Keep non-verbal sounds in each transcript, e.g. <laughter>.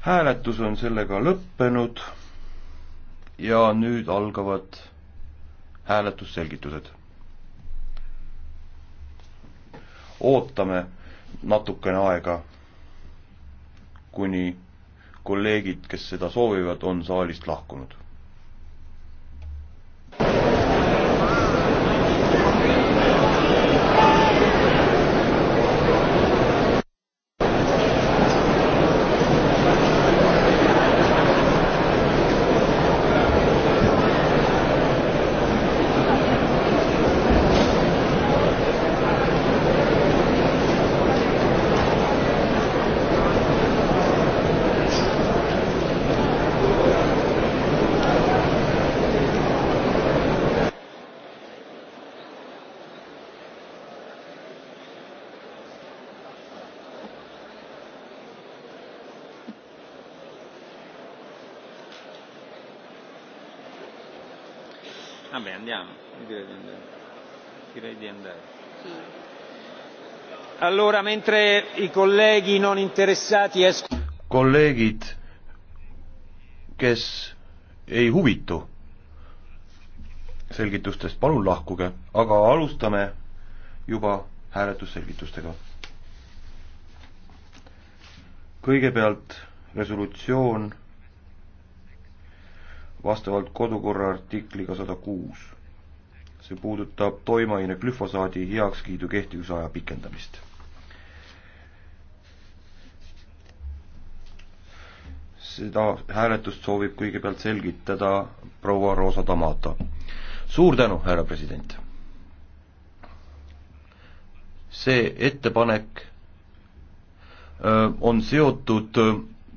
hääletus on sellega lõppenud ja nüüd algavad hääletusselgitused. ootame natukene aega, kuni kolleegid, kes seda soovivad, on saalist lahkunud. allora mentre i colleghi non interessati escono. kolleegid, kes ei huvitu selgitustest, palun lahkuge, aga alustame juba hääletusselgitustega. kõigepealt resolutsioon vastavalt kodukorra artikliga sada kuus see puudutab toimeaine glüfosaadi heakskiidu kehtivusaja pikendamist seda hääletust soovib kõigepealt selgitada proua Rosa Tamato. suur tänu, härra president! see ettepanek on seotud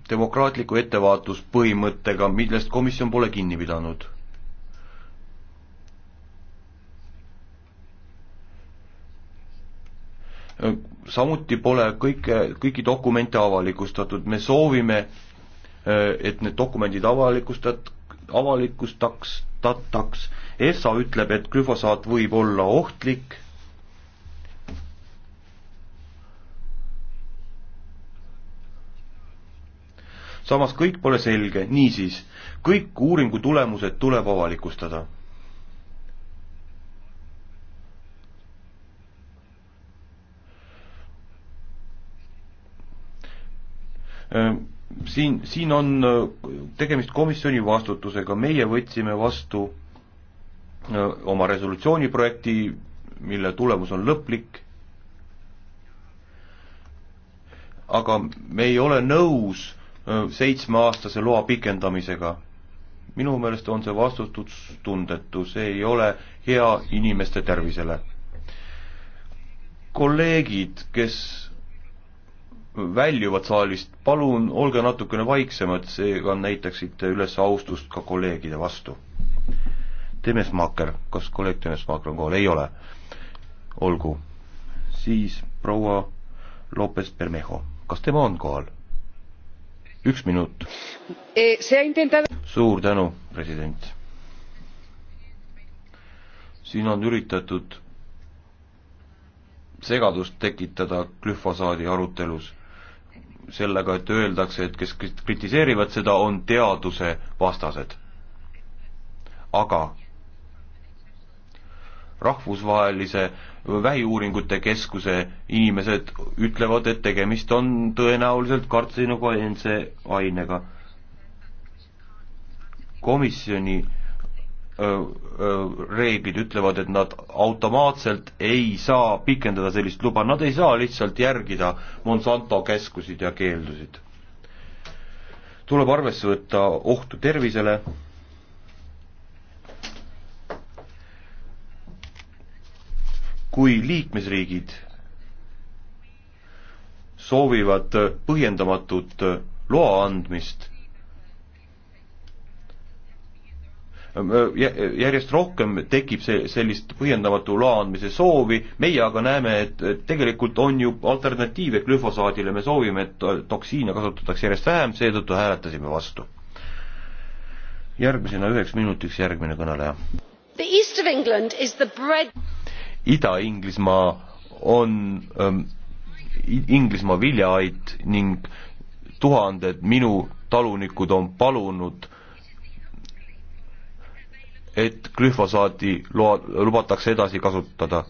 demokraatliku ettevaatuspõhimõttega, millest komisjon pole kinni pidanud. samuti pole kõike, kõiki dokumente avalikustatud, me soovime Äh, et need dokumendid avalikustat-, avalikustataks, tataks, EFSA ütleb, et glüfosaat võib olla ohtlik, samas kõik pole selge, niisiis, kõik uuringu tulemused tuleb avalikustada ähm siin, siin on äh, tegemist komisjoni vastutusega, meie võtsime vastu äh, oma resolutsiooni projekti, mille tulemus on lõplik, aga me ei ole nõus äh, seitsmeaastase loa pikendamisega. minu meelest on see vastutustundetu, see ei ole hea inimeste tervisele. kolleegid, kes väljuvad saalist, palun olge natukene vaiksemad, seega näitaksite üles austust ka kolleegide vastu. Temesmaaker, kas kolleeg Temesmaaker on kohal, ei ole? olgu, siis proua Lopez Bermejo, kas tema on kohal? üks minut. Eh, suur tänu, president. siin on üritatud segadust tekitada glüfosaadi arutelus sellega, et öeldakse, et kes kritiseerivad seda, on teaduse vastased. aga rahvusvahelise vähiuuringute keskuse inimesed ütlevad, et tegemist on tõenäoliselt kartsinogeense nagu ainega. komisjoni reeglid ütlevad, et nad automaatselt ei saa pikendada sellist luba, nad ei saa lihtsalt järgida Monsanto käskusid ja keeldusid. tuleb arvesse võtta ohtu tervisele, kui liikmesriigid soovivad põhjendamatut loa andmist Ehm, järjest rohkem tekib see, sellist põhjendamatu loa andmise soovi, meie aga näeme, et tegelikult on ju alternatiive glüfosaadile, me soovime, et toksiine kasutatakse järjest vähem, seetõttu hääletasime vastu. järgmisena üheks minutiks järgmine kõneleja. Ida-Inglismaa on ähm, Inglismaa viljaaid ning tuhanded minu talunikud on palunud et glüfosaati loa, lubatakse edasi kasutada.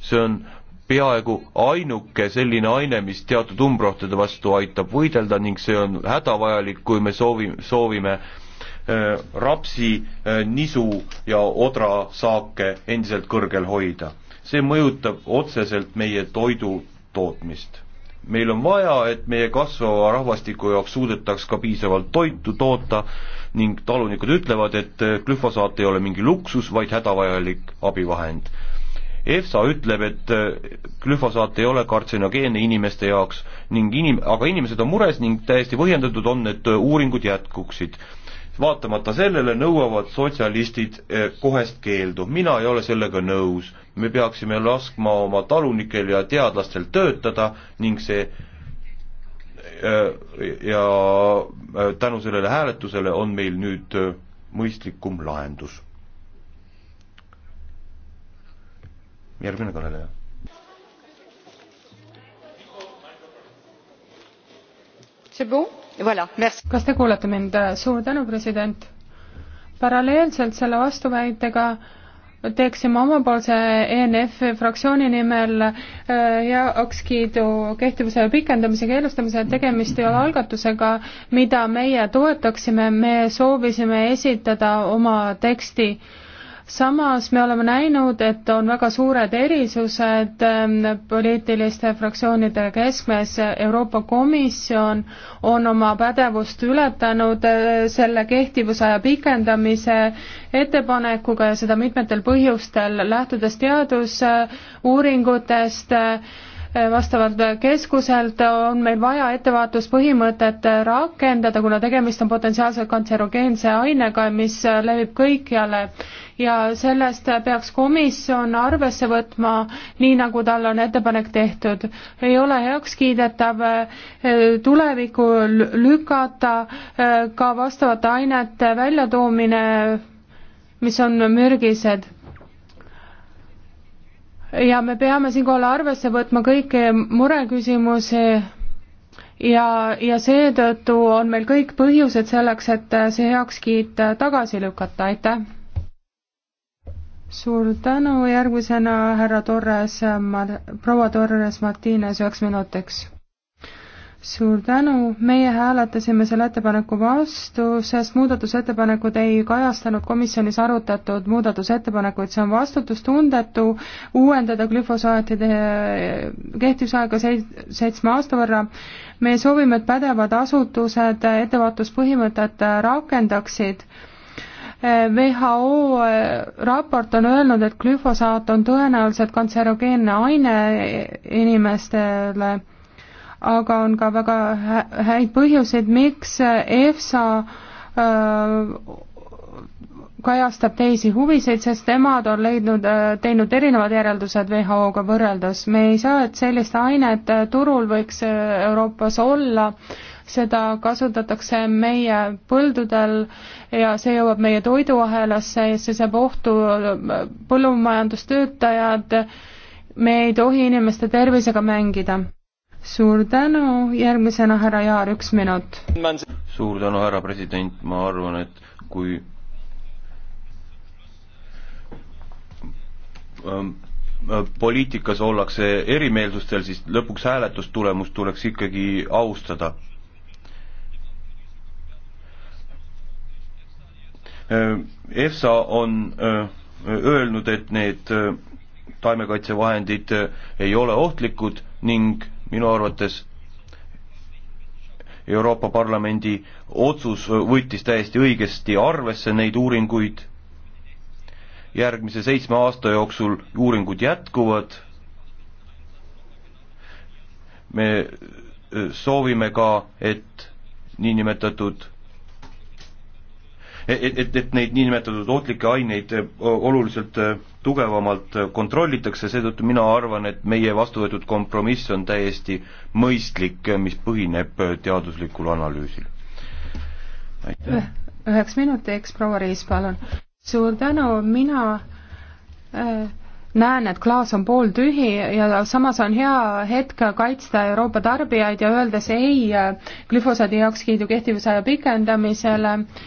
see on peaaegu ainuke selline aine, mis teatud umbrohtade vastu aitab võidelda ning see on hädavajalik, kui me soovi, soovime äh, rapsi äh,, nisu ja odrasaake endiselt kõrgel hoida. see mõjutab otseselt meie toidu tootmist meil on vaja, et meie kasvava rahvastiku jaoks suudetaks ka piisavalt toitu toota ning talunikud ütlevad, et glüfosaat ei ole mingi luksus, vaid hädavajalik abivahend. EFSA ütleb, et glüfosaat ei ole kartsenogeene inimeste jaoks ning inim-, aga inimesed on mures ning täiesti põhjendatud on, et uuringud jätkuksid vaatamata sellele nõuavad sotsialistid eh, kohest keeldu. mina ei ole sellega nõus. me peaksime laskma oma talunikel ja teadlastel töötada ning see eh, ja eh, tänu sellele hääletusele on meil nüüd mõistlikum lahendus. järgmine kõneleja. see bon? kas te kuulete mind? suur tänu, president. paralleelselt selle vastuväitega teeksime omapoolse ENF-i fraktsiooni nimel äh, heakskiidu kehtivuse pikendamise keelustamise, et tegemist ei ole algatusega, mida meie toetaksime, me soovisime esitada oma teksti samas me oleme näinud, et on väga suured erisused ähm, poliitiliste fraktsioonide keskmes, Euroopa Komisjon on oma pädevust ületanud äh, selle kehtivusaja pikendamise ettepanekuga ja seda mitmetel põhjustel, lähtudes teadusuuringutest, äh, vastavalt keskuselt on meil vaja ettevaatuspõhimõtet rakendada, kuna tegemist on potentsiaalselt kantserogeense ainega, mis levib kõikjale ja sellest peaks komisjon arvesse võtma, nii nagu tal on ettepanek tehtud. ei ole heakskiidetav eh, tulevikku lükata eh, ka vastavate ainete väljatoomine, mis on mürgised ja me peame siinkohal arvesse võtma kõiki mureküsimusi ja, ja seetõttu on meil kõik põhjused selleks, et see heakskiit tagasi lükata, aitäh! suur tänu, järgmisena härra Torres, proua Torres Martines üheks minutiks. suur tänu, meie hääletasime selle ettepaneku vastu, sest muudatusettepanekud ei kajastanud komisjonis arutatud muudatusettepanekuid, see on vastutustundetu uuendada glüfosaatide kehtivusaega seitsme aasta võrra. me soovime, et pädevad asutused ettevaatuspõhimõtet rakendaksid WHO eh, raport on öelnud, et glüfosaat on tõenäoliselt kantserogeenne aine inimestele, aga on ka väga häid põhjuseid, miks EFSA eh, kajastab teisi huvisid, sest nemad on leidnud, eh, teinud erinevad järeldused WHO-ga võrreldes. me ei saa, et sellist ainet turul võiks Euroopas olla, seda kasutatakse meie põldudel ja see jõuab meie toiduahelasse ja see seab ohtu põllumajandustöötajad. me ei tohi inimeste tervisega mängida. suur tänu, järgmisena härra Jaar, üks minut. suur tänu, härra president, ma arvan, et kui ähm, äh, poliitikas ollakse erimeelsustel, siis lõpuks hääletustulemust tuleks ikkagi austada. Äh, EFSA on äh, öelnud, et need äh, taimekaitsevahendid ei ole ohtlikud ning minu arvates Euroopa Parlamendi otsus võttis täiesti õigesti arvesse neid uuringuid, järgmise seitsme aasta jooksul uuringud jätkuvad, me soovime ka, et niinimetatud et, et, et neid niinimetatud ohtlikke aineid eh, oluliselt eh, tugevamalt eh, kontrollitakse, seetõttu mina arvan, et meie vastu võetud kompromiss on täiesti mõistlik, mis põhineb teaduslikul analüüsil. aitäh! üheks minutiks, proua Riis, palun. suur tänu, mina äh, näen, et klaas on pooltühi ja samas on hea hetk kaitsta Euroopa tarbijaid ja öeldes ei glüfosaadi heakskiidu kehtivusaja pikendamisele äh,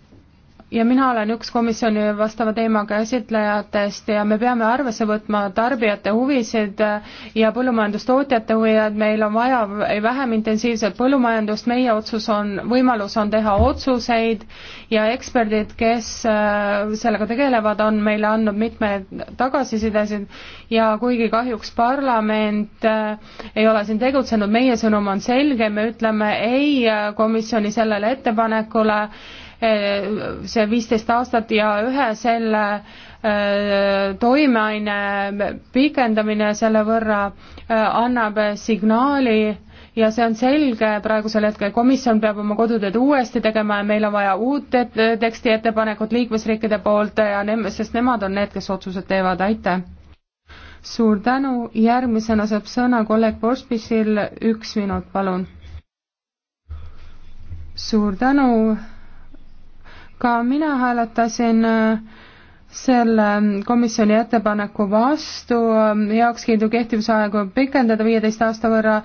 ja mina olen üks komisjoni vastava teemaga esitlejatest ja me peame arvesse võtma tarbijate huvisid ja põllumajandustootjate huvi, et meil on vaja vähem intensiivset põllumajandust, meie otsus on, võimalus on teha otsuseid ja eksperdid, kes äh, sellega tegelevad, on meile andnud mitmeid tagasisidesid ja kuigi kahjuks parlament äh, ei ole siin tegutsenud, meie sõnum on selge, me ütleme ei äh, komisjoni sellele ettepanekule see viisteist aastat ja ühe selle äh, toimeaine pikendamine selle võrra äh, annab signaali ja see on selge praegusel hetkel, komisjon peab oma kodutööd uuesti tegema ja meil on vaja uut et teksti ettepanekut liikmesriikide poolt ja nem-, sest nemad on need, kes otsused teevad, aitäh! suur tänu, järgmisena saab sõna kolleeg Vorspisil, üks minut, palun! suur tänu, ka mina hääletasin äh, selle komisjoni ettepaneku vastu äh, heakskiidu kehtivusaegu pikendada viieteist aasta võrra.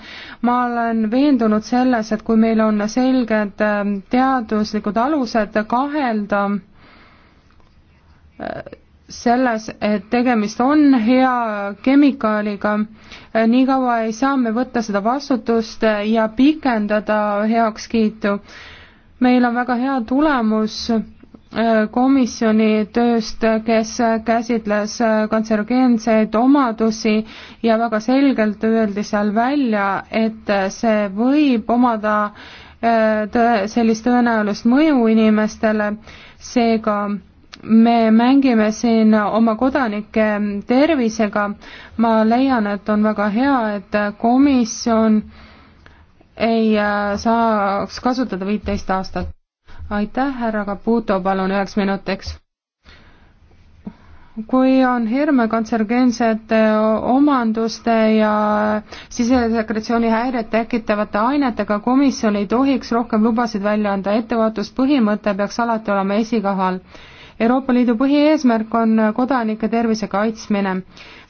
ma olen veendunud selles, et kui meil on selged äh, teaduslikud alused kahelda selles, et tegemist on hea kemikaaliga, niikaua ei saa me võtta seda vastutust ja pikendada heakskiitu meil on väga hea tulemus äh, komisjoni tööst, kes käsitles äh, kantserogeenseid omadusi ja väga selgelt öeldi seal välja, et äh, see võib omada tõe, sellist tõenäolist mõju inimestele, seega me mängime siin oma kodanike tervisega. ma leian, et on väga hea, et komisjon äh, ei äh, saaks kasutada viiteist aastat. aitäh, härra Caputo, palun üheks minutiks. kui on hirme kantserogeensete äh, omanduste ja sisesekretsiooni häiret tekitavate ainetega, komisjon ei tohiks rohkem lubasid välja anda, ettevaatuspõhimõte peaks alati olema esikahal Euroopa Liidu põhieesmärk on kodanike tervise kaitsmine.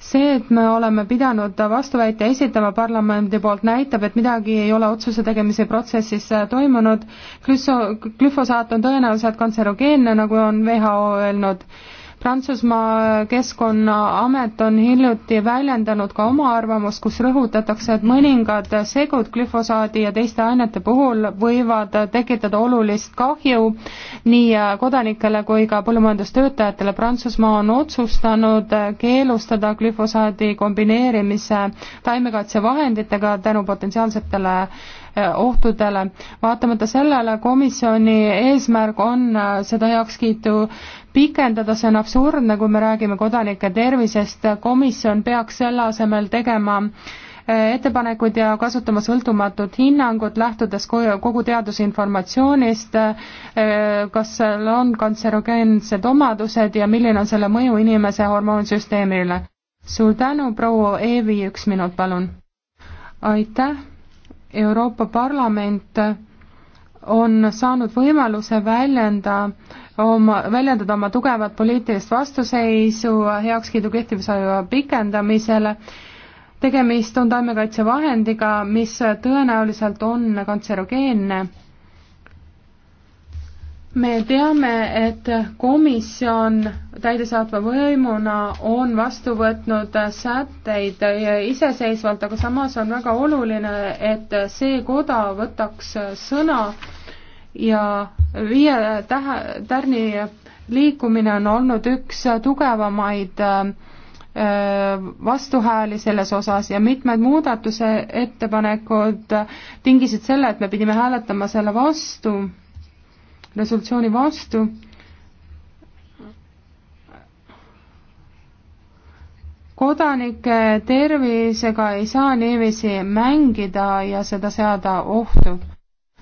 see, et me oleme pidanud vastuväite esitama parlamendi poolt, näitab, et midagi ei ole otsuse tegemise protsessis toimunud. glüso-, glüfosaat on tõenäoliselt kantserogeenne, nagu on WHO öelnud Prantsusmaa Keskkonnaamet on hiljuti väljendanud ka oma arvamust, kus rõhutatakse, et mõningad segud glüfosaadi ja teiste ainete puhul võivad tekitada olulist kahju nii kodanikele kui ka põllumajandustöötajatele. Prantsusmaa on otsustanud keelustada glüfosaadi kombineerimise taimekaitsevahenditega tänu potentsiaalsetele eh, ohtudele. vaatamata sellele komisjoni eesmärk on eh, seda heakskiitu pikendada, see on absurdne, kui me räägime kodanike tervisest, komisjon peaks selle asemel tegema eh, ettepanekuid ja kasutama sõltumatut hinnangut, lähtudes kogu teadusinformatsioonist, eh, kas seal on kantserogeensed omadused ja milline on selle mõju inimese hormoonsüsteemile. suur tänu, proua Eevi, üks minut, palun. aitäh, Euroopa Parlament on saanud võimaluse väljenda äh, oma, väljendada oma tugevat poliitilist vastuseisu heakskiidu kehtivusaja pikendamisele. tegemist on taimekaitsevahendiga, mis tõenäoliselt on kantserogeenne. me teame, et komisjon täidesaatva võimuna on vastu võtnud sätteid iseseisvalt, aga samas on väga oluline, et see koda võtaks sõna ja viie tähe, tärni liikumine on olnud üks tugevamaid äh, vastuhääli selles osas ja mitmed muudatuse ettepanekud tingisid selle, et me pidime hääletama selle vastu, resolutsiooni vastu kodanike tervisega ei saa niiviisi mängida ja seda seada ohtu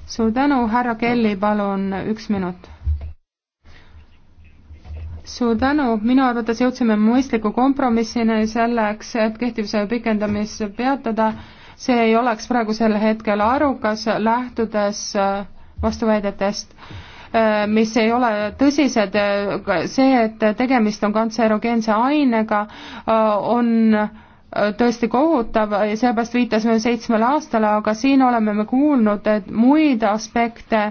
suur tänu, härra Kelly, palun üks minut. suur tänu, minu arvates jõudsime mõistliku kompromissini selleks, et kehtivuse pikendamist peatada. see ei oleks praegusel hetkel arukas, lähtudes äh, vastuväidetest äh, mis ei ole tõsised, see, et tegemist on kantserogeense ainega, äh, on tõesti kohutav ja seepärast viitasime seitsmele aastale, aga siin oleme me kuulnud, et muid aspekte,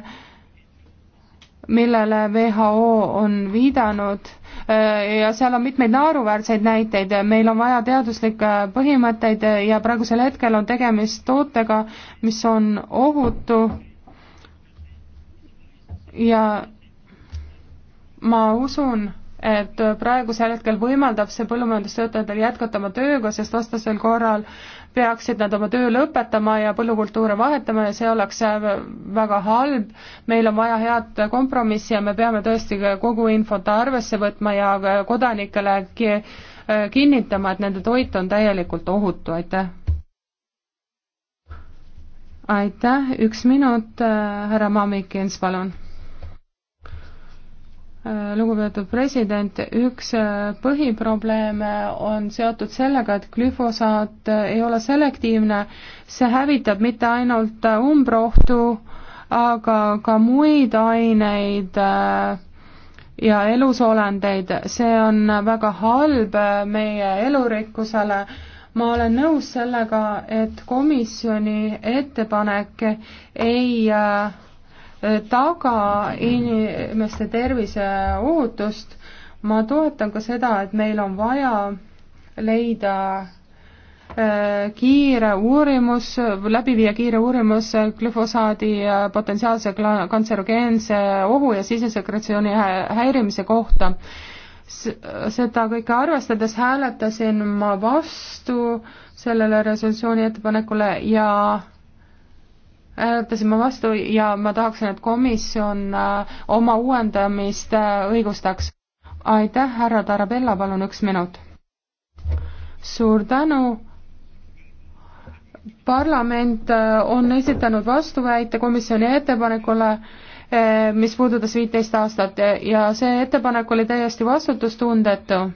millele WHO on viidanud äh, ja seal on mitmeid naeruväärseid näiteid, meil on vaja teaduslikke põhimõtteid ja praegusel hetkel on tegemist tootega, mis on ohutu ja ma usun, et praegusel hetkel võimaldab see põllumajandustöötajatel jätkata oma tööga, sest vastasel korral peaksid nad oma töö lõpetama ja põllukultuure vahetama ja see oleks väga halb. meil on vaja head kompromissi ja me peame tõesti kogu infot arvesse võtma ja kodanikele kinnitama, et nende toit on täielikult ohutu, aitäh. aitäh, üks minut, äh, härra Mamikins, palun lugupeetud president, üks äh, põhiprobleeme äh, on seotud sellega, et glüfosaat äh, ei ole selektiivne, see hävitab mitte ainult umbrohtu, aga ka muid aineid ja elusolendeid, see on väga halb meie elurikkusele. ma olen nõus sellega, et komisjoni ettepanek ei äh, taga inimeste tervise ohutust. ma toetan ka seda, et meil on vaja leida äh, kiire uurimus, läbi viia kiire uurimus glüfosaadi potentsiaalse kantserogeense ohu ja sisesekretsiooni häirimise kohta. seda kõike arvestades hääletasin ma vastu sellele resolutsiooni ettepanekule ja hääletasime vastu ja ma tahaksin, et komisjon äh, oma uuendamist äh, õigustaks. aitäh, härra Tarabella, palun üks minut. suur tänu. parlament äh, on esitanud vastuväite komisjoni ettepanekule, mis puudutas viiteist aastat ja see ettepanek oli täiesti vastutustundetu.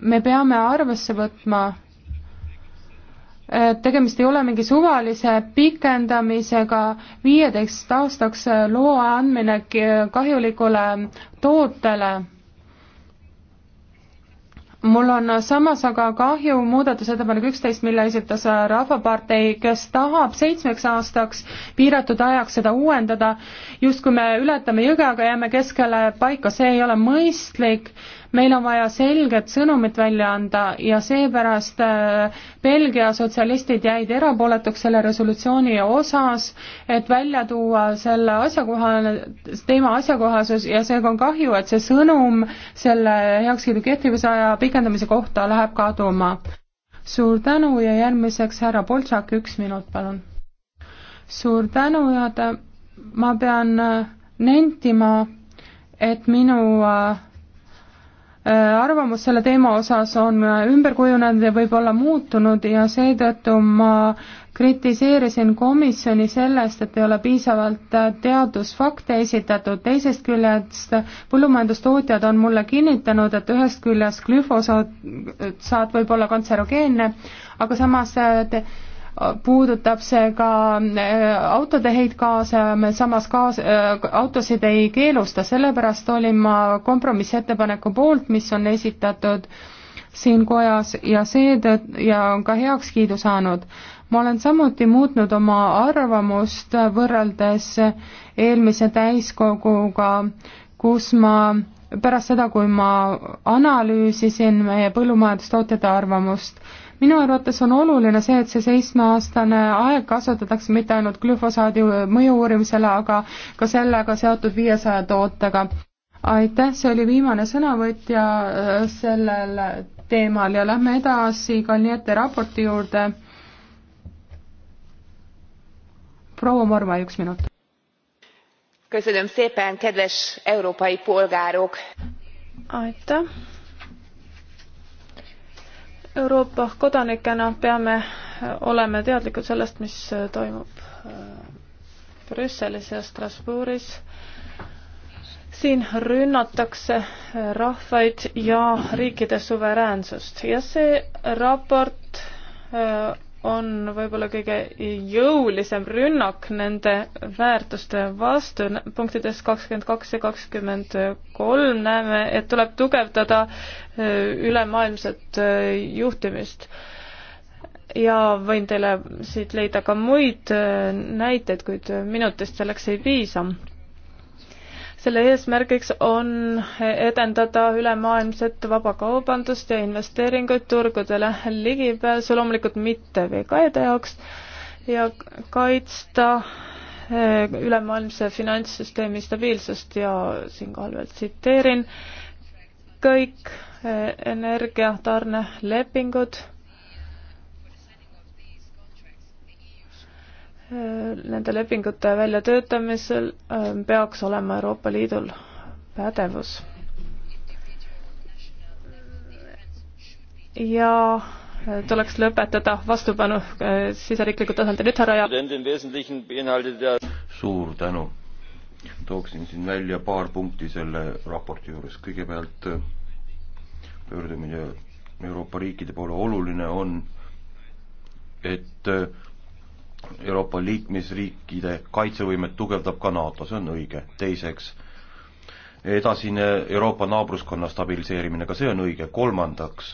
me peame arvesse võtma Äh, tegemist ei ole mingi suvalise pikendamisega, viieteist aastaks äh, loa andmine kahjulikule tootele. mul on samas aga kahju muudatusettepanek üksteist, mille esitas äh, Rahvapartei, kes tahab seitsmeks aastaks piiratud ajaks seda uuendada, justkui me ületame jõge, aga jääme keskele paika, see ei ole mõistlik meil on vaja selget sõnumit välja anda ja seepärast äh, Belgia sotsialistid jäid erapooletuks selle resolutsiooni osas, et välja tuua selle asjakohane, teema asjakohasus ja seega on kahju, et see sõnum selle heakskiidu kehtivuse aja pikendamise kohta läheb kaduma. suur tänu ja järgmiseks härra Boltšak, üks minut, palun. suur tänu, juhataja, ma pean äh, nentima, et minu äh, Äh, arvamus selle teema osas on ümber kujunenud ja võib-olla muutunud ja seetõttu ma kritiseerisin komisjoni sellest, et ei ole piisavalt äh, teadusfakte esitatud, teisest küljest põllumajandustootjad on mulle kinnitanud, et ühest küljest glüfosaat võib olla kantserogeenne, aga samas äh, te puudutab see ka äh, autode heitgaase, me samas gaas, äh, autosid ei keelusta, sellepärast olin ma kompromissettepaneku poolt, mis on esitatud siin kojas ja seetõttu ja on ka heakskiidu saanud. ma olen samuti muutnud oma arvamust võrreldes eelmise täiskoguga, kus ma pärast seda, kui ma analüüsisin meie põllumajandustootjate arvamust, minu arvates on oluline see, et see seitsmeaastane aeg kasutatakse mitte ainult glüfosaadi mõju uurimisele, aga ka sellega seotud viiesaja tootega. aitäh, see oli viimane sõnavõtja äh, sellel teemal ja lähme edasi Kalniete raporti juurde. proua Morva, üks minut. aitäh Euroopa kodanikena peame äh, olema teadlikud sellest, mis äh, toimub äh, Brüsselis ja Strasbourgis. siin rünnatakse rahvaid ja riikide suveräänsust ja see raport on võib-olla kõige jõulisem rünnak nende väärtuste vastu. punktides kakskümmend kaks ja kakskümmend kolm näeme, et tuleb tugevdada äh, ülemaailmset äh, juhtimist. ja võin teile siit leida ka muid äh, näiteid, kuid minutist selleks ei piisa selle eesmärgiks on edendada ülemaailmset vabakaubandust ja investeeringuid turgudele ligipääsu, loomulikult mitte VKE-de jaoks, ja kaitsta eh, ülemaailmse finantssüsteemi stabiilsust ja siinkohal veel tsiteerin, kõik eh, energiatarnelepingud nende lepingute väljatöötamisel ähm, peaks olema Euroopa Liidul pädevus. ja äh, tuleks lõpetada vastupanu äh, siseriiklikult tasandilt, nüüd härra Jaak. suur tänu. tooksin siin välja paar punkti selle raporti juures, kõigepealt äh, pöördumine Euroopa riikide poole oluline on, et äh, Euroopa liikmesriikide kaitsevõimet tugevdab ka NATO, see on õige. teiseks, edasine Euroopa naabruskonna stabiliseerimine, ka see on õige. kolmandaks,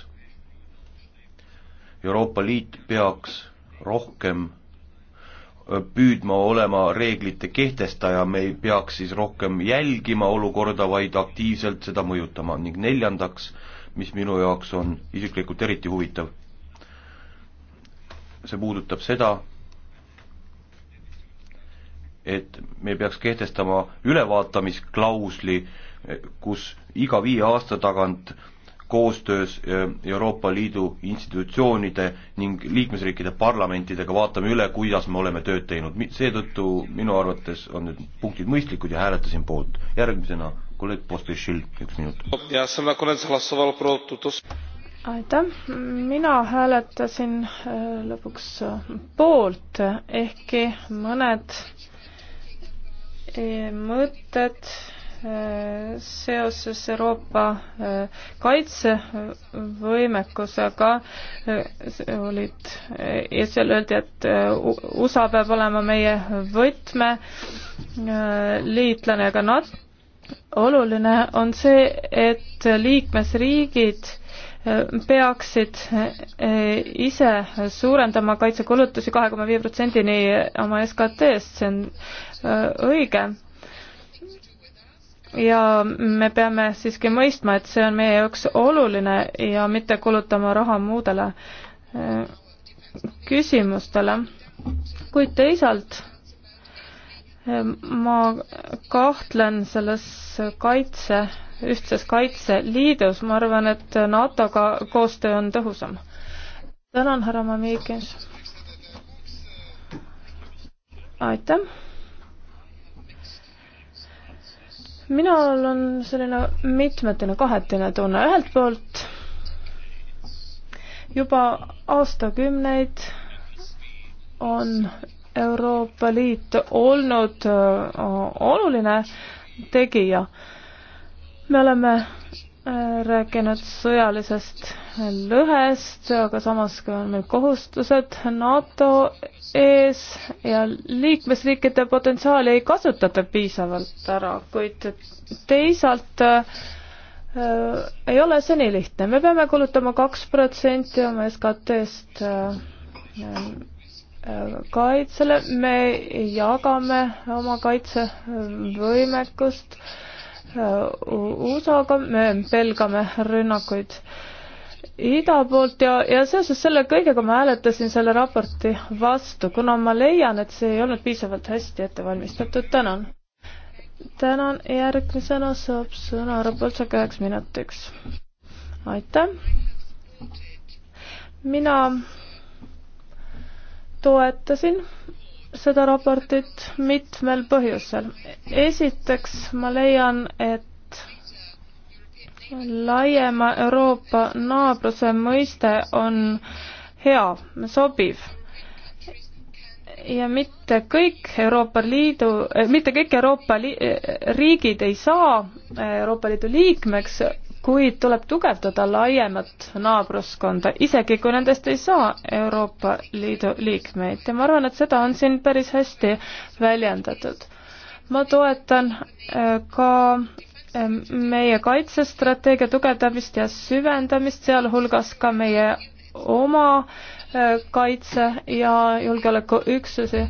Euroopa Liit peaks rohkem püüdma olema reeglite kehtestaja, me ei peaks siis rohkem jälgima olukorda, vaid aktiivselt seda mõjutama ning neljandaks, mis minu jaoks on isiklikult eriti huvitav, see puudutab seda, et me peaks kehtestama ülevaatamisklausli, kus iga viie aasta tagant koostöös äh, Euroopa Liidu institutsioonide ning liikmesriikide parlamentidega vaatame üle, kuidas me oleme tööd teinud. seetõttu minu arvates on need punktid mõistlikud ja hääletasin poolt. järgmisena kolleeg Postešil, üks minut. aitäh, mina hääletasin äh, lõpuks äh, poolt, ehkki mõned mõtted äh, seoses Euroopa äh, kaitsevõimekusega äh, olid ja seal öeldi, et USA peab olema meie võtmeliitlane, aga nad, oluline on see, et liikmesriigid peaksid eh, ise suurendama kaitsekulutusi kahe koma viie protsendini oma SKT-st, see on eh, õige. ja me peame siiski mõistma, et see on meie jaoks oluline ja mitte kulutama raha muudele eh, küsimustele. kuid teisalt ma kahtlen selles kaitse, ühtses kaitseliidus, ma arvan, et NATO-ga koostöö on tõhusam. tänan, härra Mamikins. aitäh. minul on selline mitmetine kahetine tunne, ühelt poolt juba aastakümneid on Euroopa Liit olnud äh, oluline tegija. me oleme äh, rääkinud sõjalisest lõhest, aga samas ka on meil kohustused NATO ees ja liikmesriikide potentsiaali ei kasutata piisavalt ära, kuid teisalt äh, ei ole see nii lihtne, me peame kulutama kaks protsenti oma SKT-st äh, Äh, kaitsele, me jagame oma kaitsevõimekust äh, USA-ga, me pelgame rünnakuid ida poolt ja, ja seoses selle kõigega ma hääletasin selle raporti vastu, kuna ma leian, et see ei olnud piisavalt hästi ette valmistatud, tänan. tänan, järgmisena saab sõna Rapoltsaga üheks minutiks. aitäh. mina toetasin seda raportit mitmel põhjusel. esiteks ma leian, et laiema Euroopa naabruse mõiste on hea, sobiv. ja mitte kõik Euroopa Liidu, mitte kõik Euroopa li-, riigid ei saa Euroopa Liidu liikmeks, kuid tuleb tugevdada laiemat naabruskonda, isegi kui nendest ei saa Euroopa Liidu liikmeid ja ma arvan, et seda on siin päris hästi väljendatud. ma toetan äh, ka ähm, meie kaitsestrateegia tugevdamist ja süvendamist, sealhulgas ka meie oma äh, kaitse- ja julgeolekuüksusi.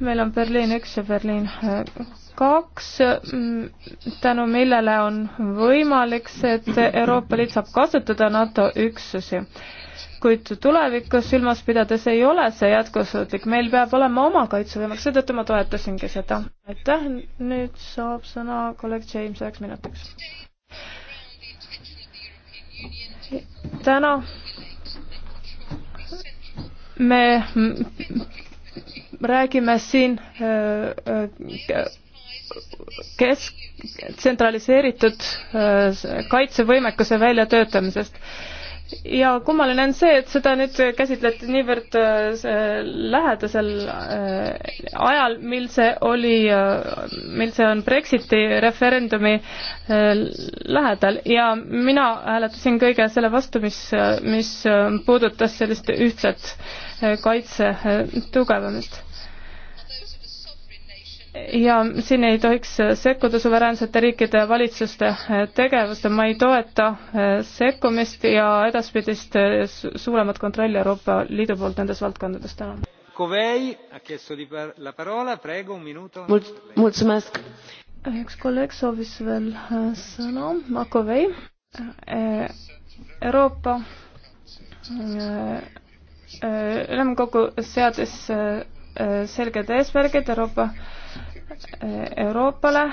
meil on Berliin üks ja Berliin äh, kaks, mm, tänu millele on võimalik see, et Euroopa Liit saab kasutada NATO üksusi. kuid tulevikus silmas pidades ei ole see jätkusuutlik, meil peab olema oma kaitsevõimekus, seetõttu ma toetasingi seda. aitäh, nüüd saab sõna kolleeg James üheks minutiks. täna me räägime siin äh, äh, kesk-, tsentraliseeritud äh, kaitsevõimekuse väljatöötamisest. ja kummaline on see, et seda nüüd käsitleti niivõrd äh, lähedasel äh, ajal, mil see oli, mil see on Brexiti referendumi lähedal ja mina hääletasin kõige selle vastu, mis, mis puudutas sellist ühtset kaitse tugevamist ja siin ei tohiks sekkuda suveräänsete riikide valitsuste tegevuste, ma ei toeta äh, sekkumist ja edaspidist äh, suuremat kontrolli Euroopa Liidu poolt nendes valdkondades, tänan. mulțumesc. Äh, üks kolleeg soovis veel sõna, Makovei. Euroopa Ülemkogu seadis selged eesmärgid Euroopa Euroopale eh,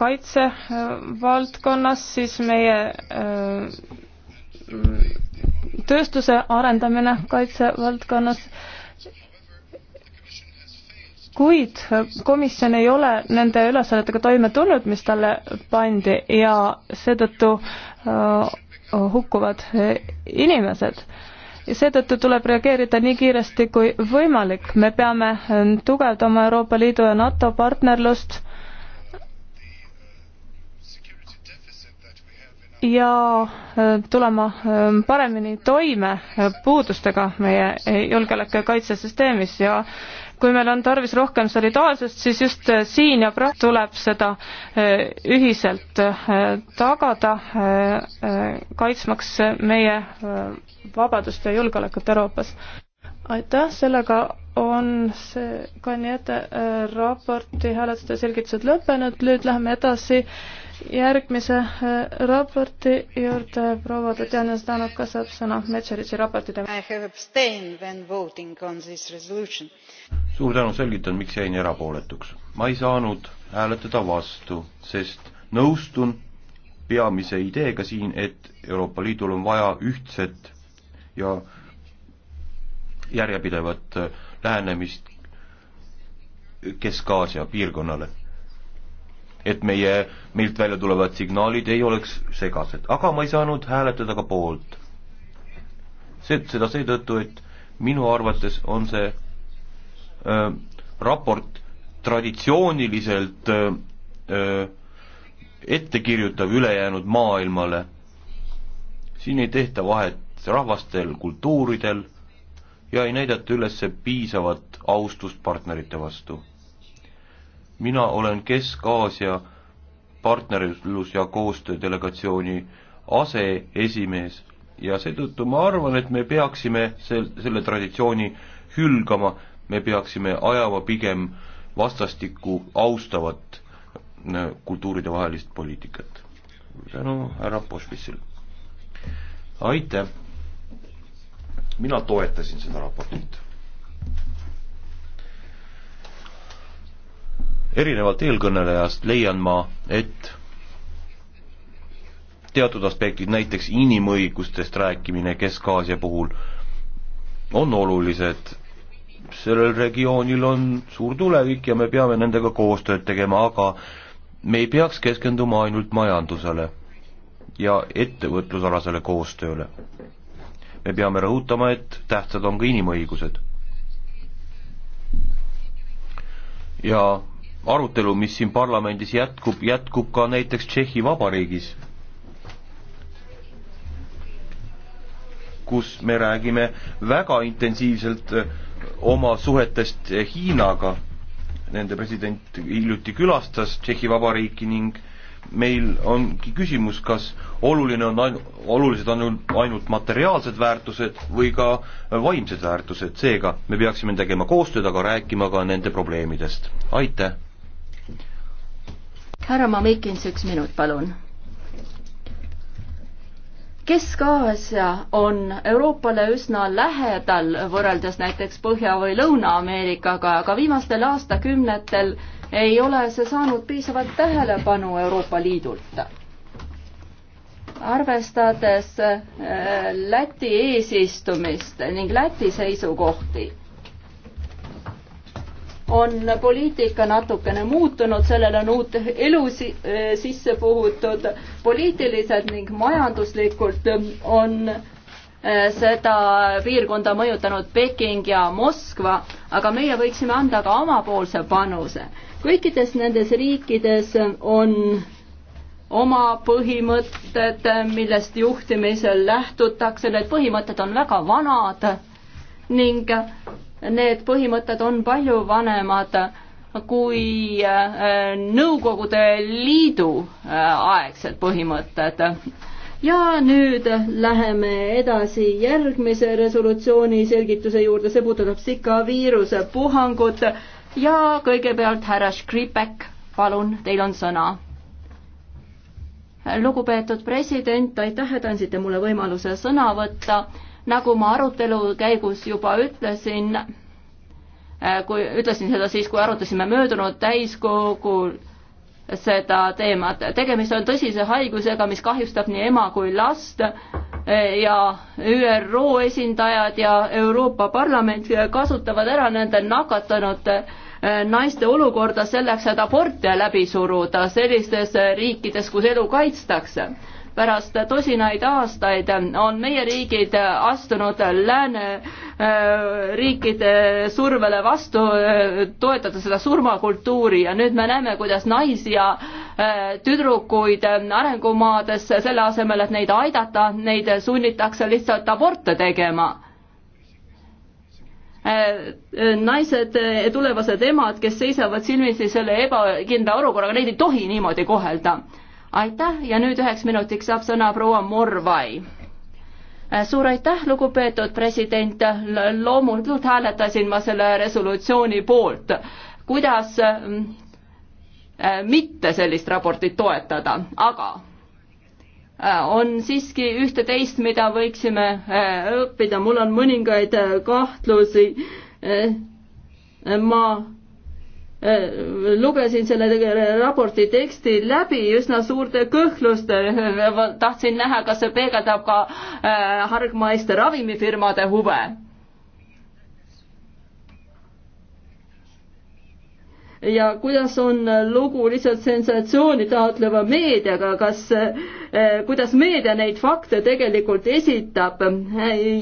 kaitsevaldkonnas, eh, siis meie eh, tööstuse arendamine kaitsevaldkonnas, kuid komisjon ei ole nende ülesannetega toime tulnud, mis talle pandi ja seetõttu hukkuvad inimesed ja seetõttu tuleb reageerida nii kiiresti kui võimalik. me peame äh, tugevdama Euroopa Liidu ja NATO partnerlust ja äh, tulema äh, paremini toime puudustega meie julgeoleku- ja kaitsesüsteemis ja kui meil on tarvis rohkem solidaarsust, siis just äh, siin ja praegu tuleb seda äh, ühiselt äh, tagada, kaitsmaks meie vabadust ja julgeolekut Euroopas. aitäh, sellega on see kandidaate raporti hääletuste selgitused lõppenud, nüüd läheme edasi järgmise raporti juurde, proua Tatjana Zdanoka saab sõna Metšeritši raporti teemal suur tänu, selgitan, miks jäin erapooletuks. ma ei saanud hääletada vastu, sest nõustun peamise ideega siin, et Euroopa Liidul on vaja ühtset ja järjepidevat lähenemist Kesk-Aasia piirkonnale. et meie, meilt välja tulevad signaalid ei oleks segased, aga ma ei saanud hääletada ka poolt. see, seda seetõttu, et minu arvates on see äh, raport traditsiooniliselt äh, äh, ette kirjutav ülejäänud maailmale. siin ei tehta vahet rahvastel, kultuuridel ja ei näidata üles piisavat austust partnerite vastu. mina olen Kesk-Aasia partnerlus- ja koostöödelegatsiooni aseesimees ja seetõttu ma arvan, et me peaksime sel-, selle traditsiooni hülgama me peaksime ajama pigem vastastikku austavat äh, kultuuridevahelist poliitikat. tänu, härra Pošvissil. aitäh! mina toetasin seda raportit. erinevalt eelkõnelejast leian ma, et teatud aspektid, näiteks inimõigustest rääkimine Kesk-Aasia puhul, on olulised sellel regioonil on suur tulevik ja me peame nendega koostööd tegema, aga me ei peaks keskenduma ainult majandusele ja ettevõtlusalasele koostööle. me peame rõhutama, et tähtsad on ka inimõigused. ja arutelu, mis siin parlamendis jätkub, jätkub ka näiteks Tšehhi Vabariigis, kus me räägime väga intensiivselt äh, oma suhetest Hiinaga. Nende president hiljuti külastas Tšehhi Vabariiki ning meil ongi küsimus, kas oluline on ainu-, olulised on ainult, ainult materiaalsed väärtused või ka vaimsed väärtused, seega me peaksime tegema koostööd, aga rääkima ka nende probleemidest. aitäh! härra Mamikins, üks minut, palun Kesk-Aasia on Euroopale üsna lähedal võrreldes näiteks Põhja- või Lõuna-Ameerikaga, aga viimastel aastakümnetel ei ole see saanud piisavalt tähelepanu Euroopa Liidult. arvestades äh, Läti eesistumist ning Läti seisukohti on poliitika natukene muutunud, sellele on uut elu eh, sisse puhutud, poliitiliselt ning majanduslikult on eh, seda piirkonda mõjutanud Peking ja Moskva, aga meie võiksime anda ka omapoolse panuse. kõikides nendes riikides on oma põhimõtted, millest juhtimisel lähtutakse, need põhimõtted on väga vanad ning need põhimõtted on palju vanemad kui äh, Nõukogude Liidu äh, aegsed põhimõtted. ja nüüd läheme edasi järgmise resolutsiooni selgituse juurde, see puudutab Zika viiruse puhangut ja kõigepealt härra Škripek, palun, teil on sõna. lugupeetud president, aitäh, et andsite mulle võimaluse sõna võtta nagu ma arutelu käigus juba ütlesin, äh, kui ütlesin seda siis, kui arutasime möödunud täiskogul seda teemat. tegemist on tõsise haigusega, mis kahjustab nii ema kui last äh, ja ÜRO esindajad ja Euroopa Parlament kasutavad ära nende nakatunute äh, naiste olukorda selleks, et aborte läbi suruda sellistes riikides, kus elu kaitstakse pärast tosinaid aastaid on meie riigid astunud lääne äh, riikide survele vastu, äh, toetada seda surmakultuuri ja nüüd me näeme, kuidas naisi ja äh, tüdrukuid arengumaades selle asemel, et neid aidata, neid sunnitakse lihtsalt aborte tegema naised, tulevased emad, kes seisavad silmitsi selle ebakindla olukorraga, neid ei tohi niimoodi kohelda aitäh ja nüüd üheks minutiks saab sõna proua Morvai äh, suur aitäh, lugupeetud president, loomulikult hääletasin ma selle resolutsiooni poolt. kuidas mm, äh, mitte sellist raportit toetada, aga äh, on siiski ühte-teist, mida võiksime õppida, mul on mõningaid kahtlusi. ma Äh, lugesin selle raporti teksti läbi üsna suurte kõhkluste, äh, tahtsin näha, kas see peegeldab ka äh, hargmaiste ravimifirmade huve ja kuidas on lugu lihtsalt sensatsiooni taotleva meediaga, kas, kuidas meedia neid fakte tegelikult esitab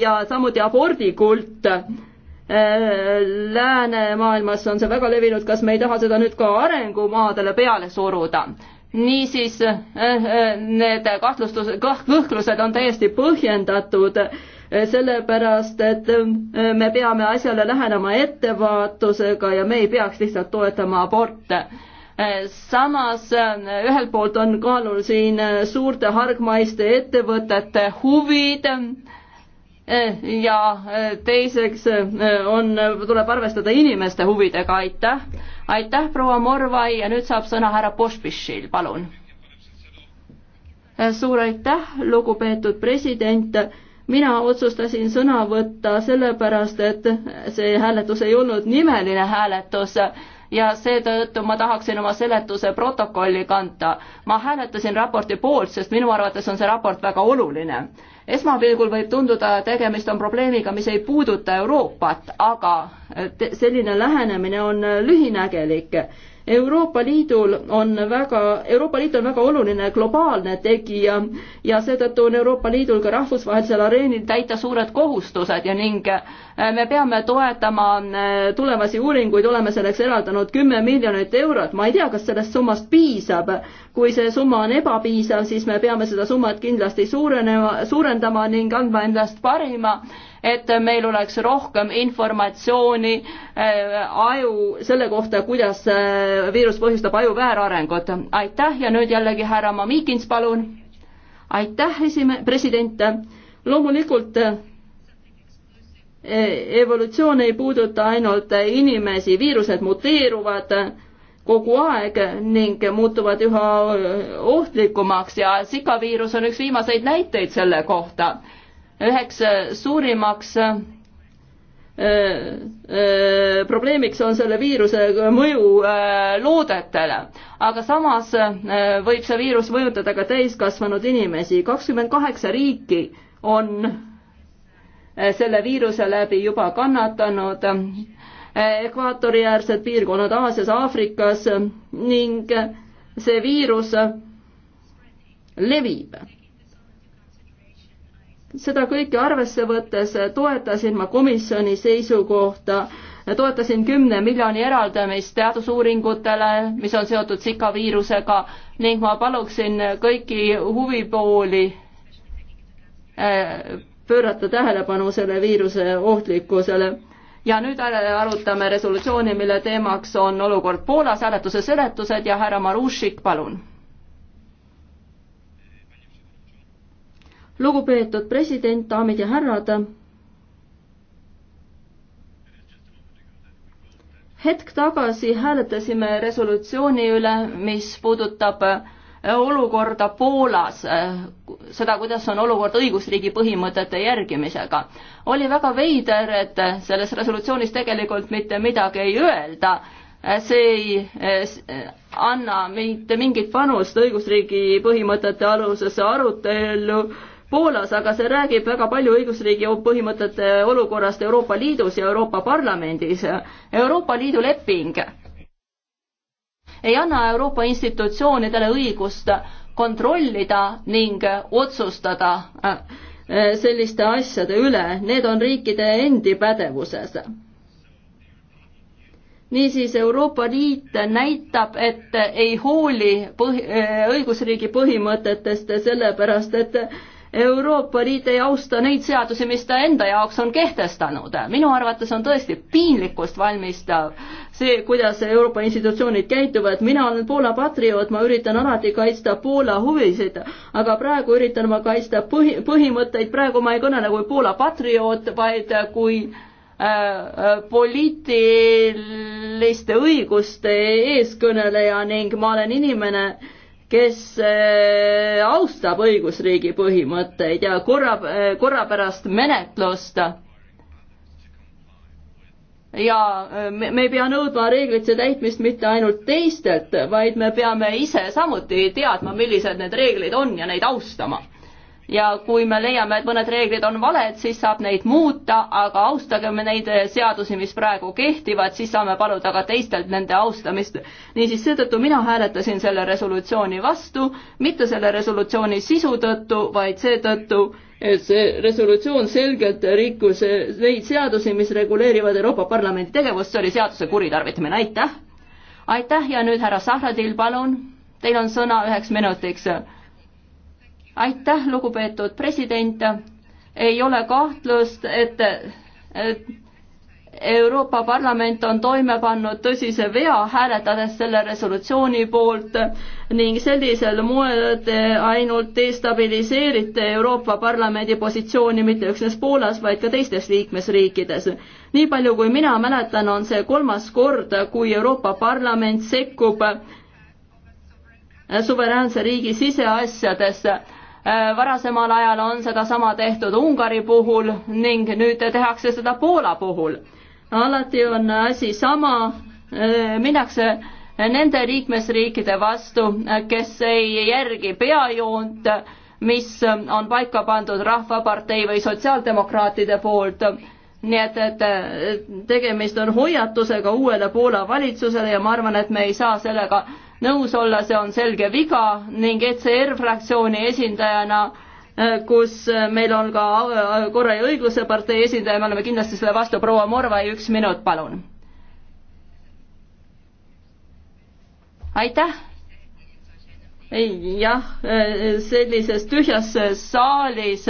ja samuti abordikult Äh, läänemaailmas on see väga levinud, kas me ei taha seda nüüd ka arengumaadele peale suruda? niisiis äh, äh, need kahtlustus, kõhklused on täiesti põhjendatud, sellepärast et me peame asjale lähenema ettevaatusega ja me ei peaks lihtsalt toetama aborte samas ühelt poolt on kaalul siin suurte hargmaiste ettevõtete huvid, Eh, ja eh, teiseks eh, on, tuleb arvestada inimeste huvidega, aitäh. aitäh, proua Morvai ja nüüd saab sõna härra Pospišil, palun. suur aitäh, lugupeetud president. mina otsustasin sõna võtta sellepärast, et see hääletus ei olnud nimeline hääletus ja seetõttu ma tahaksin oma seletuse protokolli kanta. ma hääletasin raporti poolt, sest minu arvates on see raport väga oluline. esmapilgul võib tunduda, tegemist on probleemiga, mis ei puuduta Euroopat, aga selline lähenemine on lühinägelik Euroopa Liidul on väga, Euroopa Liit on väga oluline globaalne tegija ja seetõttu on Euroopa Liidul ka rahvusvahelisel areenil täita suured kohustused ja ning äh, me peame toetama äh, tulevasi uuringuid, oleme selleks eraldanud kümme miljonit eurot, ma ei tea, kas sellest summast piisab. kui see summa on ebapiisav, siis me peame seda summat kindlasti suurenema, suurendama ning andma endast parima et meil oleks rohkem informatsiooni äh, aju, selle kohta, kuidas äh, viirus põhjustab aju väärarengut. aitäh ja nüüd jällegi härra Mamikins, palun. aitäh, esime-, president. loomulikult äh, evolutsioon ei puuduta ainult inimesi, viirused muteeruvad kogu aeg ning muutuvad üha ohtlikumaks ja sikaviirus on üks viimaseid näiteid selle kohta üheks äh, suurimaks äh, äh, probleemiks on selle viiruse mõju loodetele, aga samas võib see viirus mõjutada ka täiskasvanud inimesi. kakskümmend kaheksa riiki on selle viiruse läbi juba kannatanud, ekvaatoriäärsed piirkonnad Aasias, Aafrikas ning see viirus levib seda kõike arvesse võttes toetasin ma komisjoni seisukohta, toetasin kümne miljoni eraldamist teadusuuringutele, mis on seotud Zika viirusega ning ma paluksin kõiki huvipooli eh, pöörata tähelepanu selle viiruse ohtlikkusele. ja nüüd arutame resolutsiooni, mille teemaks on olukord Poolas, hääletuse seletused ja härra Marušik, palun lugupeetud president, daamid ja härrad. hetk tagasi hääletasime resolutsiooni üle, mis puudutab äh, olukorda Poolas, äh, seda, kuidas on olukord õigusriigi põhimõtete järgimisega. oli väga veider, et selles resolutsioonis tegelikult mitte midagi ei öelda, äh, see ei anna mitte mingit panust õigusriigi põhimõtete alusesse arutellu Poolas, aga see räägib väga palju õigusriigi põhimõtete olukorrast Euroopa Liidus ja Euroopa Parlamendis. Euroopa Liidu leping ei anna Euroopa institutsioonidele õigust kontrollida ning otsustada äh, selliste asjade üle, need on riikide endi pädevuses niisiis Euroopa Liit näitab, et ei hooli põhi, õigusriigi põhimõtetest, sellepärast et Euroopa Liit ei austa neid seadusi, mis ta enda jaoks on kehtestanud. minu arvates on tõesti piinlikkust valmistav see, kuidas Euroopa institutsioonid käituvad, mina olen Poola patrioot, ma üritan alati kaitsta Poola huvisid, aga praegu üritan ma kaitsta põhi, põhimõtteid, praegu ma ei kõnele kui nagu Poola patrioot, vaid kui äh, äh, poliitiliste õiguste eeskõneleja ning ma olen inimene, kes äh, austab õigusriigi põhimõtteid ja korra, äh, korrapärast menetlust. ja äh, me, me ei pea nõudma reeglite täitmist mitte ainult teistelt, vaid me peame ise samuti teadma, millised need reeglid on ja neid austama ja kui me leiame, et mõned reeglid on valed, siis saab neid muuta, aga austagem neid seadusi, mis praegu kehtivad, siis saame paluda ka teistelt nende austamist. niisiis, seetõttu mina hääletasin selle resolutsiooni vastu, mitte selle resolutsiooni sisu tõttu, vaid seetõttu, et see resolutsioon selgelt rikkus neid seadusi, mis reguleerivad Euroopa Parlamendi tegevust, see oli seaduse kuritarvitamine, aitäh! aitäh ja nüüd härra Sahradil, palun, teil on sõna üheks minutiks aitäh, lugupeetud president. ei ole kahtlust, et, et Euroopa Parlament on toime pannud tõsise vea, hääletades selle resolutsiooni poolt ning sellisel moel te ainult destabiliseerite Euroopa Parlamendi positsiooni mitte üksnes Poolas, vaid ka teistes liikmesriikides. nii palju, kui mina mäletan, on see kolmas kord, kui Euroopa Parlament sekkub suveräänse riigi siseasjadesse Äh, varasemal ajal on sedasama tehtud Ungari puhul ning nüüd tehakse seda Poola puhul. alati on asi sama, äh, minnakse nende liikmesriikide vastu, kes ei järgi peajoont, mis on paika pandud Rahvapartei või sotsiaaldemokraatide poolt nii et, et tegemist on hoiatusega uuele Poola valitsusele ja ma arvan, et me ei saa sellega nõus olla, see on selge viga ning ECR fraktsiooni esindajana äh, kus äh, meil on ka äh, Korra ja õigluse partei esindaja, me oleme kindlasti selle vastu, proua Morvai, üks minut, palun. aitäh. jah, sellises tühjas saalis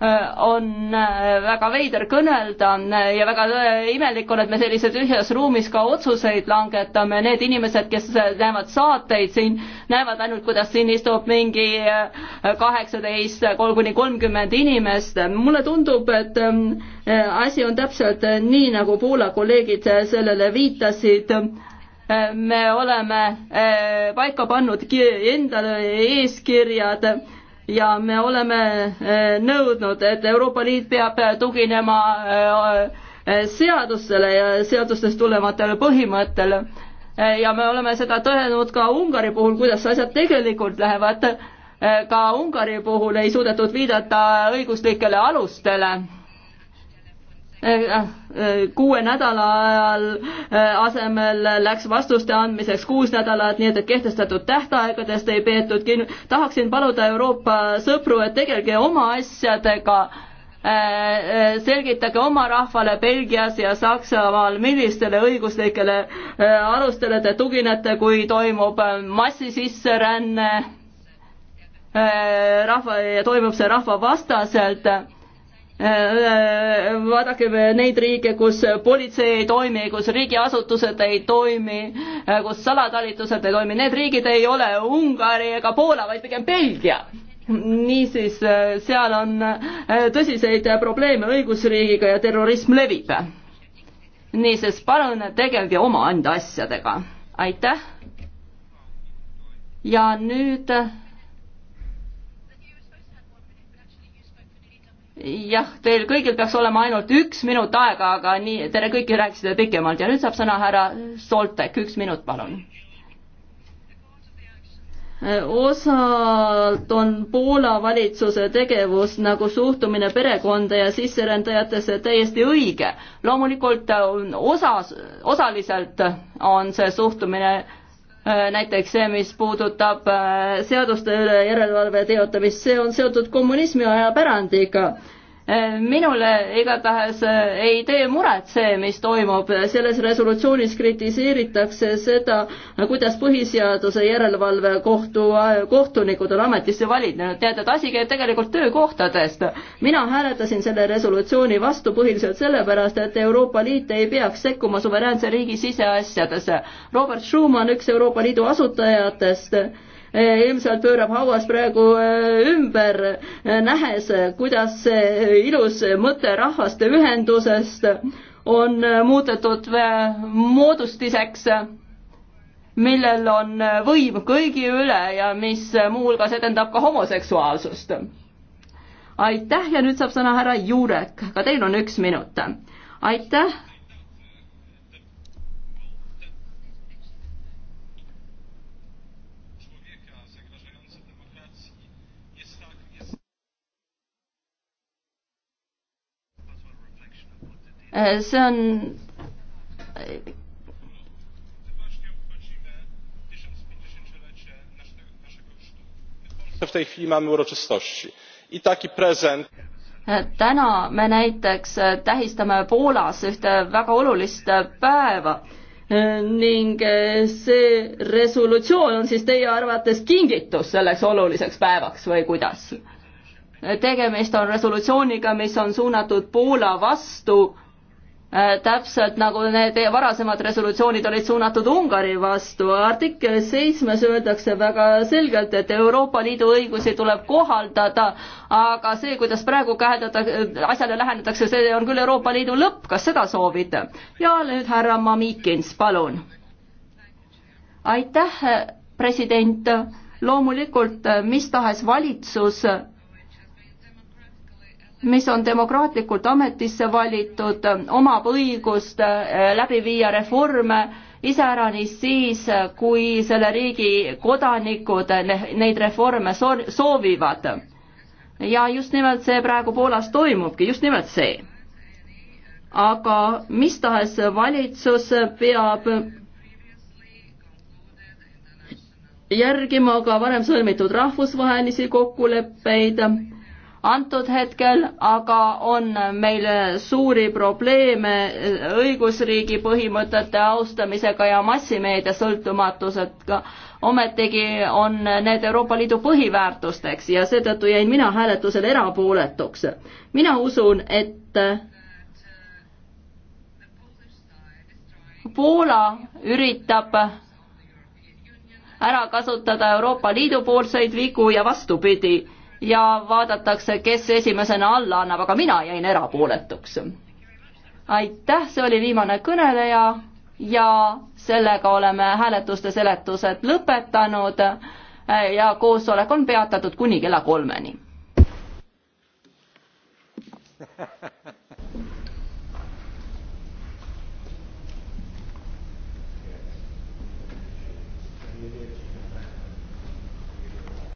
Äh, on äh, väga veider kõnelda äh, ja väga imelik on, et me sellises tühjas ruumis ka otsuseid langetame, need inimesed, kes näevad saateid siin, näevad ainult, kuidas siin istub mingi kaheksateist kuni kolmkümmend inimest. mulle tundub, et ähm, asi on täpselt nii, nagu Poola kolleegid sellele viitasid me oleme paika pannud endale eeskirjad ja me oleme eh, nõudnud, et Euroopa Liit peab eh, tuginema eh, seadustele ja seadustest tulevatele põhimõttele. ja me oleme seda tõenud ka Ungari puhul, kuidas asjad tegelikult lähevad. ka Ungari puhul ei suudetud viidata õiguslikele alustele Äh, äh, kuue nädala ajal äh, asemel läks vastuste andmiseks kuus nädalat, nii et, et kehtestatud tähtaegadest ei peetud kinni. tahaksin paluda Euroopa sõpru, et tegelge oma asjadega selgitage oma rahvale Belgias ja Saksamaal, millistele õiguslikele alustele te tuginete, kui toimub massisisseränne, rahva, toimub see rahvavastaselt Äh, vaadake neid riike, kus politsei ei toimi, kus riigiasutused ei toimi, äh, kus salatalitused ei toimi, need riigid ei ole Ungari ega Poola, vaid pigem Belgia. niisiis, äh, seal on tõsiseid probleeme õigusriigiga ja terrorism levib. niisiis, palun tegelge omaenda asjadega. aitäh. ja nüüd jah, teil kõigil peaks olema ainult üks minut aega, aga nii, te kõik rääkisite pikemalt ja nüüd saab sõna härra Soltek, üks minut, palun. osalt on Poola valitsuse tegevus nagu suhtumine perekonda ja sisserändajatesse täiesti õige. loomulikult äh, osas, osaliselt on see suhtumine äh, näiteks see, mis puudutab äh, seaduste üle järelevalve teotamist, see on seotud kommunismi aja pärandiga minule igatahes äh, ei tee muret see, mis toimub, selles resolutsioonis kritiseeritakse seda, kuidas põhiseaduse järelevalve kohtu, äh, kohtunikud on ametisse valitud, nii et, et asi käib tegelikult töökohtadest. mina hääletasin selle resolutsiooni vastu põhiliselt sellepärast, et Euroopa Liit ei peaks sekkuma suveräänse riigi siseasjadesse. Robert Schuman, üks Euroopa Liidu asutajatest, Eh, ilmselt pöörab hauas praegu eh, ümber, eh, nähes, kuidas see ilus mõte rahvaste ühendusest on muudetud moodustiseks millel on võim kõigi üle ja mis muuhulgas edendab ka homoseksuaalsust. aitäh ja nüüd saab sõna härra Juurek, ka teil on üks minut. aitäh Äh, see on w tej chwili mamy uroczystości i taki prezent äh, täna me näiteks äh, tähistame Poolas ühte väga olulist päeva ning see resolutsioon on siis teie arvates kingitus selleks oluliseks päevaks või kuidas? tegemist on resolutsiooniga, mis on suunatud Poola vastu Äh, täpselt nagu need varasemad resolutsioonid olid suunatud Ungari vastu. artikkel seitsmes öeldakse väga selgelt, et Euroopa Liidu õigusi tuleb kohaldada, aga see, kuidas praegu käedata, asjale lähenetakse, see on küll Euroopa Liidu lõpp, kas seda soovite? ja nüüd härra Mamikins, palun. aitäh, president. loomulikult mis tahes valitsus mis on demokraatlikult ametisse valitud, omab õigust eh, läbi viia reforme, iseäranis siis, kui selle riigi kodanikud neid reforme soovivad. ja just nimelt see praegu Poolas toimubki, just nimelt see. aga mis tahes valitsus peab järgima ka varem sõlmitud rahvusvahelisi kokkuleppeid antud hetkel, aga on meil suuri probleeme õigusriigi põhimõtete austamisega ja massimeedia sõltumatusega. ometigi on need Euroopa Liidu põhiväärtusteks ja seetõttu jäin mina hääletusel erapooletuks. mina usun, et Poola üritab ära kasutada Euroopa Liidu poolseid vigu ja vastupidi ja vaadatakse, kes esimesena alla annab, aga mina jäin erapooletuks. aitäh, see oli viimane kõneleja ja sellega oleme hääletuste seletused lõpetanud äh, ja koosolek on peatatud kuni kella kolmeni <laughs>